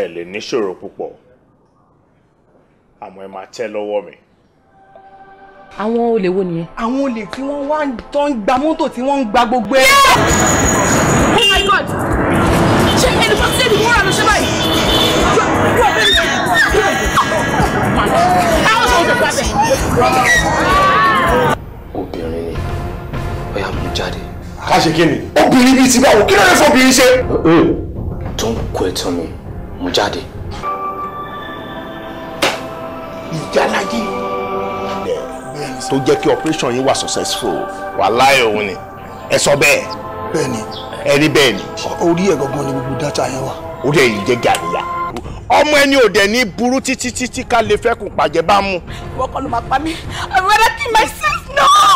ẹ lè níṣòro púpọ̀ àmọ́ ẹ máa tẹ́ lọ́wọ́ mi. àwọn olè wo nìyẹn. àwọn olè tí wọ́n wá tó ń gba mọ́tò tí wọ́n ń gba gbogbo ẹ̀. oh my god ṣé ẹni fún sílẹ̀ ìwúrà ló ṣe báyìí. àwọn sọ̀rọ̀ tó gbàgbẹ́. obìnrin ni bóyá mo jáde. ká ṣe kí ni. obìnrin bíi ti báwo kí ló lè fọ obìnrin ṣe. Oh, oh, don't quit on me mo jáde. ìjàlájì tó jẹ́ kí operation yín wà successful wàláhì òun ni ẹ sọ bẹ́ẹ̀. bẹ́ẹ̀ni ẹni bẹ́ẹ̀ni. orí ẹ̀ gangan ni gbogbo dátà yẹn wà. orí ẹ̀ yìí jẹ́ gàríyà ọmọ ẹni ò dẹ̀ ní burú títí títí ká lè fẹ́kùn pàjẹ́ bá mú. ìwọ kan ló máa pa mí I will not kill myself no.